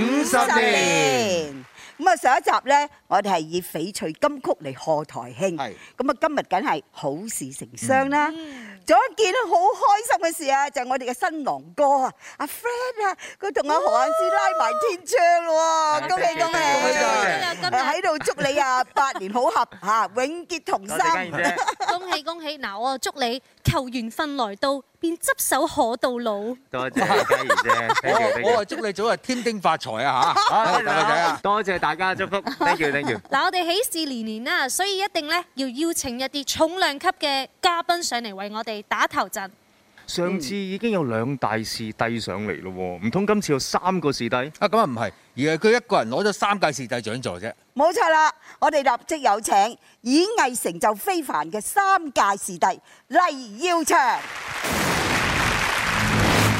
五十年咁啊！上一集咧，我哋係以翡翠金曲嚟賀台慶，咁啊今日梗係好事成雙啦！仲、嗯、有一件好開心嘅事啊，就係、是、我哋嘅新郎哥啊，阿 Fred 啊，佢同阿何雁詩拉埋天窗咯、啊，恭喜恭喜！恭喜恭喜恭喜，今日喺度祝你啊，百年好合吓、 啊，永結同心！恭喜恭喜！嗱，我祝你。求緣份來到，便執手可到老。多謝， 謝，謝，謝，謝我啊，祝你早日添丁發財 啊嚇！多謝大家祝福，thank you thank you。嗱，我哋喜事連連啦，所以一定咧要邀請一啲重量級嘅嘉賓上嚟為我哋打頭陣。上次已經有兩大視帝上嚟咯，唔通今次有三個視帝？啊，咁啊唔係，而係佢一個人攞咗三屆視帝獎座啫。冇錯啦，我哋立即有請演藝成就非凡嘅三屆視帝黎耀祥。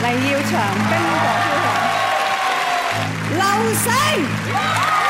黎耀祥，冰火飄揚。劉星。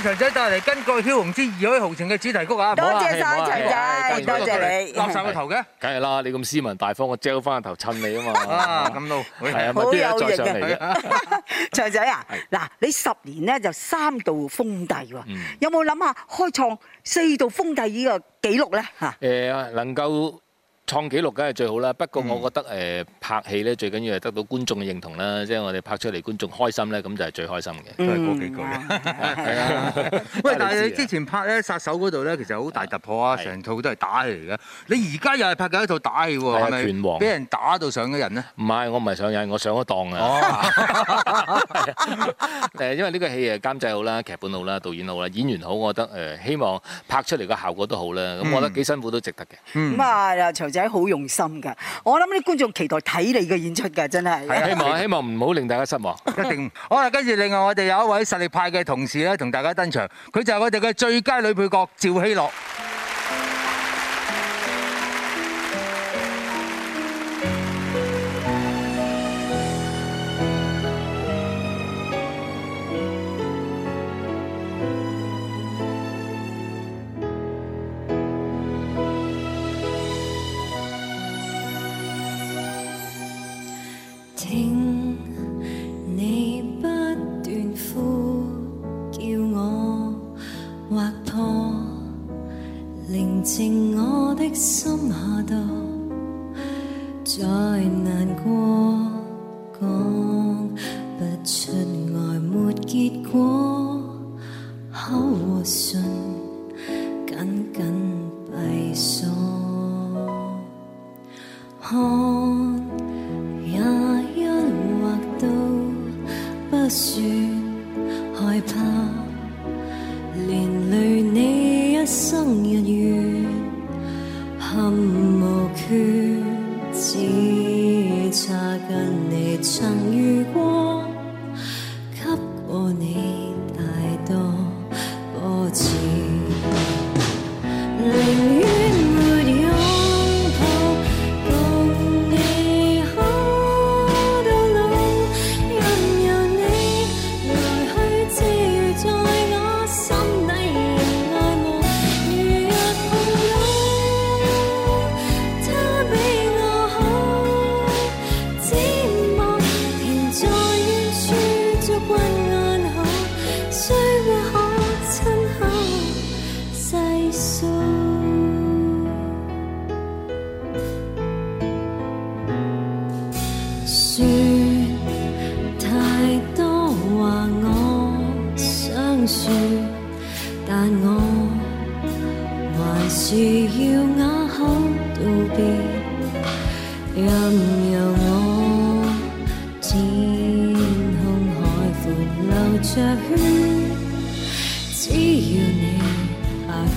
祥仔帶嚟《巾幗梟雄之義海豪情》嘅主題曲啊！多謝晒祥仔，多謝你。gel 晒個頭嘅。梗係啦，你咁斯文大方，我 gel 翻個頭襯你啊嘛。啊，咁都好有型嘅。祥仔啊，嗱，你十年咧就三度封帝喎，有冇諗下開創四度封帝呢個紀錄咧？嚇。誒，能夠。創紀錄梗係最好啦，不過我覺得誒、嗯呃、拍戲咧最緊要係得到觀眾嘅認同啦，即、就、係、是、我哋拍出嚟觀眾開心咧，咁就係最開心嘅，都係嗰幾個。係、嗯、啊，喂， 但係你，你之前拍咧殺手嗰度咧，其實好大突破啊，成套都係打戲嚟嘅。你而家又係拍緊一套打戲喎，係拳王、啊？俾人打到上嘅人呢？唔係，我唔係上癮，我上咗當啊！誒， 因為呢個戲誒監製好啦，劇本好啦，導演好啦，演員好，我覺得誒、呃、希望拍出嚟個效果都好啦。咁、嗯、我覺得幾辛苦都值得嘅。咁、嗯嗯、啊，仔好用心噶，我諗啲觀眾期待睇你嘅演出噶，真係。係希望，希望唔好令大家失望，一定。好啦，跟住另外我哋有一位實力派嘅同事咧，同大家登場，佢就係我哋嘅最佳女配角趙希洛。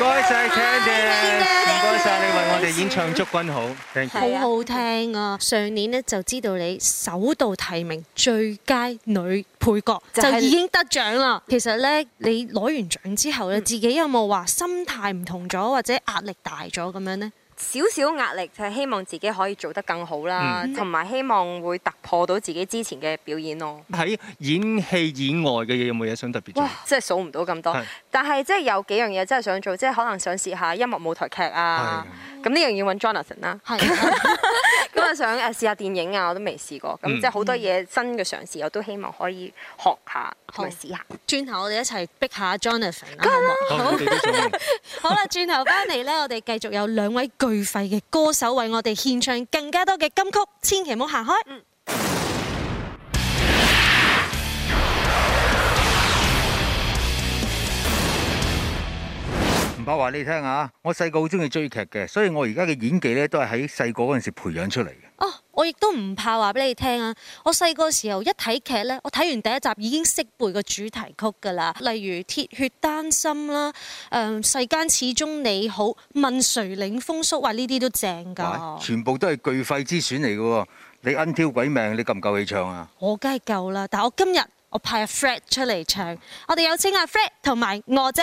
天娥，唔該晒，你為我哋演唱《祝君好》，好好聽啊！上年呢，就知道你首度提名，就是最佳女配角，就已經得獎啦。其實呢，你攞完獎之後，咧、嗯，自己有冇話心態唔同咗，或者壓力大咗咁樣呢？少少壓力就係希望自己可以做得更好啦，嗯，同埋希望會突破到自己之前嘅表演咯。喺演戲以外嘅嘢有冇嘢想特別做？哇！即係數唔到咁多，是，但係即係有幾樣嘢真係想做，即係可能想試下音樂舞台劇啊。咁呢樣要搵 Jonathan 啦。咁我、啊、 想誒試下電影啊，我都未試過。咁即係好多嘢、嗯、新嘅嘗試，我都希望可以學下、下，去試下。轉頭我哋一齊逼下 Jonathan 啦。好好啦，轉頭翻嚟咧，我哋繼續有兩位巨肺嘅歌手為我哋獻唱更加多嘅金曲，千祈唔好行開。嗯我話你聽啊！我細個好中意追劇嘅，所以我而家嘅演技咧都係喺細個嗰陣時培養出嚟嘅。哦，我亦都唔怕話俾你聽啊！我細個時候一睇劇咧，我睇完第一集已經識背個主題曲噶啦，例如《鐵血丹心》啦，誒，世間始終你好，問誰領風騷，話呢啲都正噶，全部都係巨肺之選嚟嘅。你 un 挑鬼命，你夠唔夠氣唱啊？我梗係夠啦，但係我今日我派阿 Fred 出嚟唱，我哋有請阿 Fred 同埋娥姐。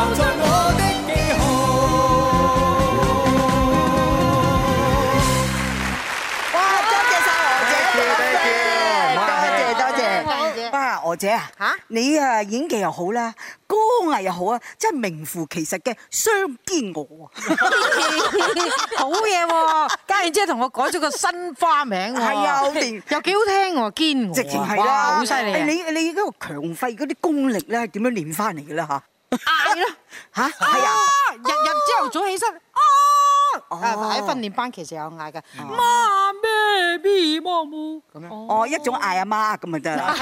留我的記號。哇！多謝晒！娥姐，多、啊、謝多謝，多謝多謝。哇！娥姐啊，嚇你啊，演技又好啦，歌藝又好啊，真係名副其實嘅雙肩娥。 好嘢喎、啊！嘉燕姐同我改咗個新花名喎，係 啊，又又幾好聽喎，肩娥。直情係啦！哇！好犀利啊！你你嗰個強肺嗰啲功力咧，係點樣練翻嚟嘅咧？嚇？嗌啦，吓、啊、係啊，啊！日日朝頭早起身，啊，喺訓練班其實有嗌嘅。媽咩？m m y 咁樣哦、啊，一種嗌阿媽咁咪得啦。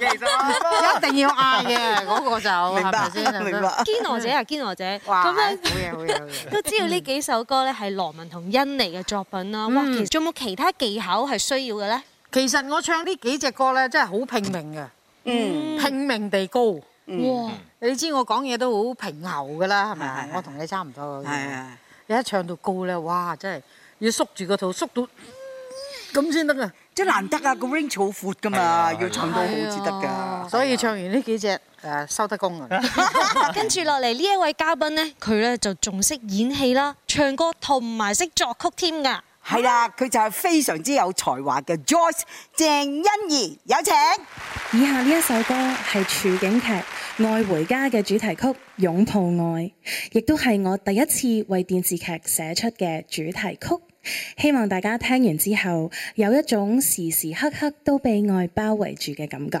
一定要嗌嘅，嗰、那個就明白先，明白。堅娜姐啊，堅娜姐，咁樣、嗯嗯、好嘢，好嘢，好嘢。都知道呢幾首歌咧係羅文同甄妮嘅作品啦。哇、嗯，其實仲有冇其他技巧係需要嘅咧？其實我唱呢幾隻歌咧真係好拼命嘅，嗯，拼命地高。哇、嗯！你知我講嘢都好平喉㗎啦，係咪？對對對對，我同你差唔多。係啊！一唱到高咧，哇！真係要縮住個肚，縮到咁先得啊！真難得啊！個 range 好闊㗎嘛，對對對對，要唱到好至得㗎。所以唱完呢幾隻誒收得工啊！跟住落嚟呢一位嘉賓咧，佢咧就仲識演戲啦、唱歌同埋識作曲添㗎。係啦，佢就係非常之有才華嘅 Joyce 鄭欣宜，有請。以下呢一首歌係處境劇。《愛回家》嘅主題曲《擁抱愛》，亦都係我第一次為電視劇寫出嘅主題曲，希望大家聽完之後有一種時時刻刻都被愛包圍住嘅感覺。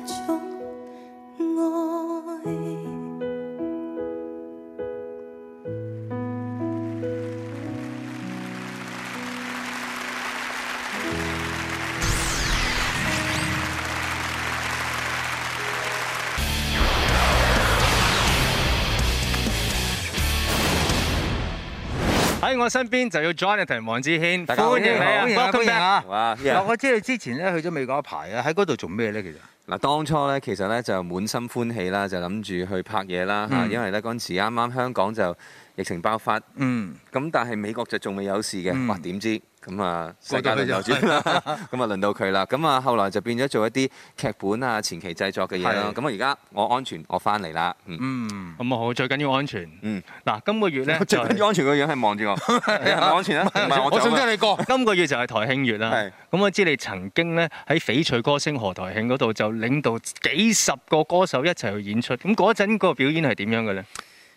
我身邊就要 Jonathan i 王梓軒大家，歡迎歡迎啊！嗱，我知道你之前咧去咗美國一排啊，喺嗰度做咩咧？其實嗱，當初咧其實咧就滿心歡喜啦，就諗住去拍嘢啦嚇，因為咧嗰陣時啱啱香港就疫情爆發，嗯，咁但係美國就仲未有事嘅，哇！點知？咁啊，世界旅遊啦！咁啊， 輪到佢啦。咁啊，後來就變咗做一啲劇本啊、前期製作嘅嘢啦咁啊，而家我，我安全，我翻嚟啦。嗯。咁啊，好，最緊要安全。嗯。嗱、啊，今個月咧。最緊要安全嘅樣係望住我、 啊。安全啊！我想。想聽你講。今個月就係台慶月啦。咁、嗯、我知你曾經咧喺翡翠歌星賀台慶嗰度就領導幾十個歌手一齊去演出。咁嗰陣個表演係點樣嘅咧？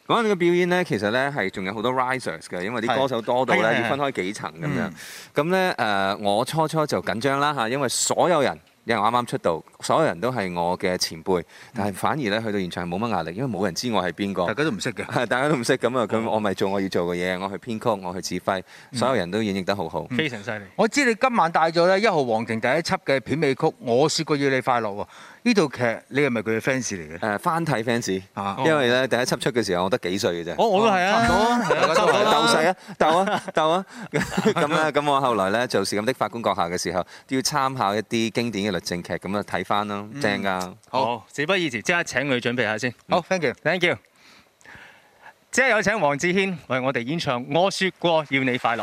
講、那、你個表演呢，其實呢係仲有好多 risers 嘅，因為啲歌手多到呢要分開幾層咁樣。咁呢，誒、呃，我初初就緊張啦吓，因為所有人，因為我啱啱出道，所有人都係我嘅前輩，嗯、但係反而呢，去到現場冇乜壓力，因為冇人知我係邊個。大家都唔識嘅，大家都唔識咁啊！咁我咪做我要做嘅嘢、嗯，我去編曲，我去指揮，所有人都演繹得好好、嗯，非常犀利。我知你今晚帶咗呢，《一號皇庭》第一輯嘅片尾曲，我説過要你快樂喎。呢套劇你係咪佢嘅 fans 嚟嘅？誒翻睇 fans，因為咧、哦、第一輯出嘅時候我得幾歲嘅啫。我、哦、我都係啊，鬥啊鬥啊咁咧，咁我後來咧做《是咁的，法官閣下》嘅時候，都要參考一啲經典嘅律政劇，咁啊睇翻咯，正㗎、啊。好，事不宜遲，即刻請佢準備一下先。好、嗯、，thank you，thank you。即刻有請王梓軒為我哋演唱《我說過要你快樂》。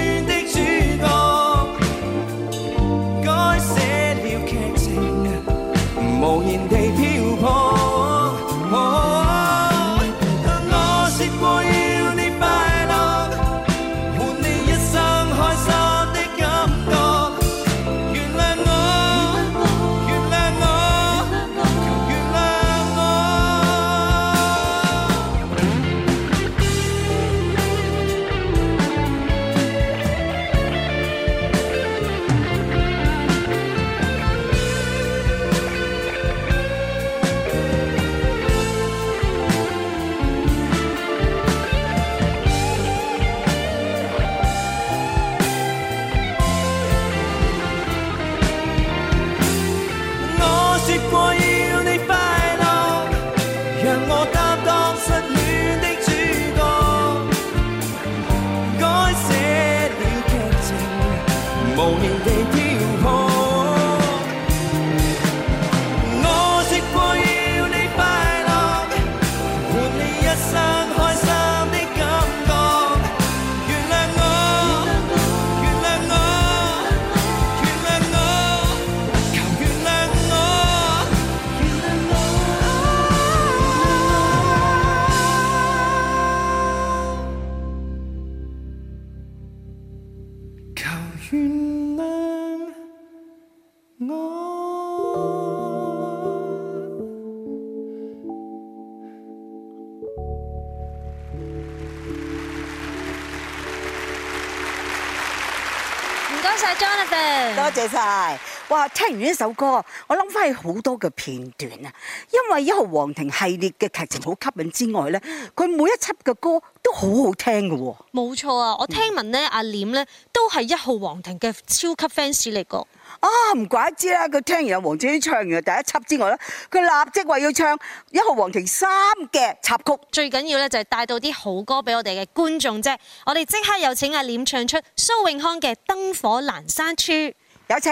多謝晒！哇，聽完呢首歌，我諗翻去好多嘅片段啊！因為一號皇庭系列嘅劇情好吸引之外咧，佢每一輯嘅歌都好好聽嘅。冇錯啊！我聽聞咧，嗯、阿念咧都係一號皇庭嘅超級 fans 嚟個。啊！唔怪之啦，佢聽完阿王梓軒唱完第一輯之外咧，佢立即話要唱《一號皇庭三》嘅插曲。最緊要咧就係帶到啲好歌俾我哋嘅觀眾啫。我哋即刻有請阿臉唱出蘇永康嘅《燈火闌珊處》，有請。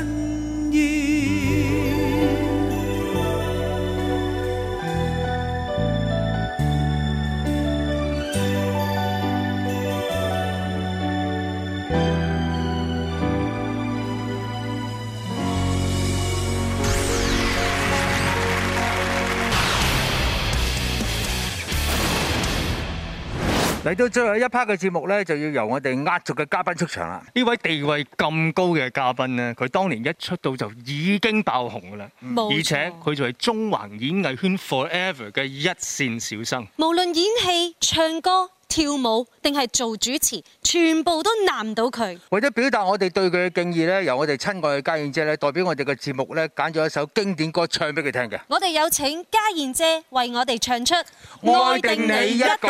嚟到最後一 part 嘅節目呢，就要由我哋壓軸嘅嘉賓出場啦！呢位地位咁高嘅嘉賓呢，佢當年一出道就已經爆紅啦、嗯，而且佢就係中環演藝圈 forever 嘅一線小生。無論演戲、唱歌、跳舞定係做主持，全部都難唔到佢。為咗表達我哋對佢嘅敬意呢，由我哋親愛嘅家燕姐呢，代表我哋嘅節目呢，揀咗一首經典歌唱俾佢聽嘅。我哋有請家燕姐為我哋唱出《愛定你一個》。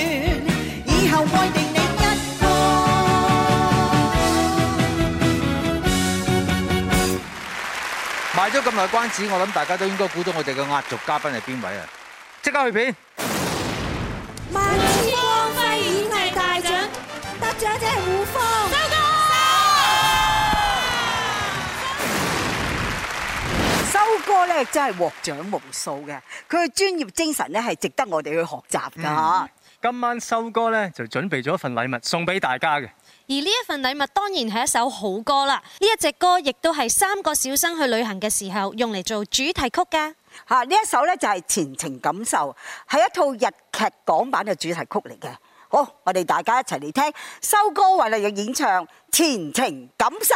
今日嘅關子，我諗大家都應該估到我哋嘅壓軸嘉賓係邊位啊！即刻去片。萬千光輝演藝大獎得獎者係胡楓。修哥。修。修哥咧，真係獲獎無數嘅，佢嘅專業精神咧係值得我哋去學習㗎嚇、嗯。今晚修哥咧就準備咗一份禮物送俾大家嘅。而呢一份禮物當然係一首好歌啦，呢一隻歌亦都係三個小生去旅行嘅時候用嚟做主題曲嘅。嚇，呢一首呢，就係、是《前程感受》，係一套日劇港版嘅主題曲嚟嘅。好，我哋大家一齊嚟聽，收歌為你嘅演唱《前程感受》。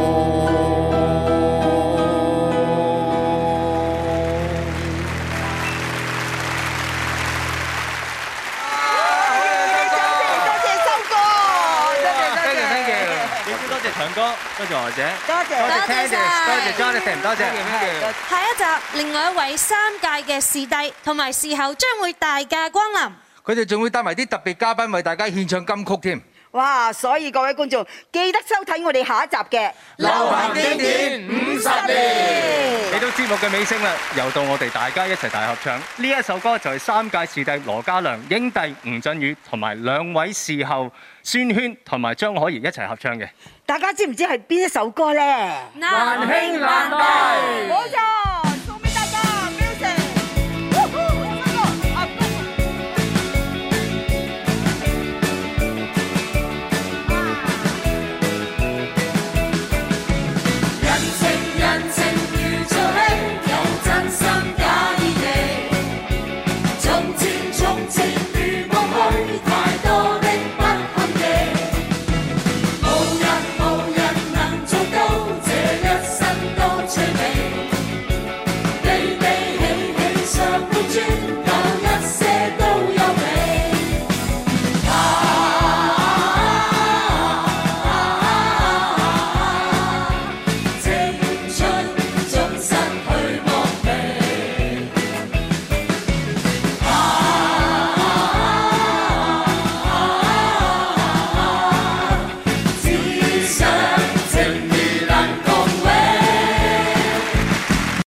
多謝娥姐，多謝 t a 多謝 Jonathan，謝唔多謝。下一集另外一位三屆嘅視帝同埋視后將會大駕光臨，佢哋仲會帶埋啲特別嘉賓為大家獻唱金曲添。哇！所以各位觀眾記得收睇我哋下一集嘅流行經典五十年。你都知節目嘅尾聲啦，又到我哋大家一齊大合唱呢一首歌就係三屆視帝羅嘉良、影帝吳鎮宇同埋兩位視后宣萱同埋張可頤一齊合唱嘅。大家知唔知係邊一首歌呢？難兄難弟。沒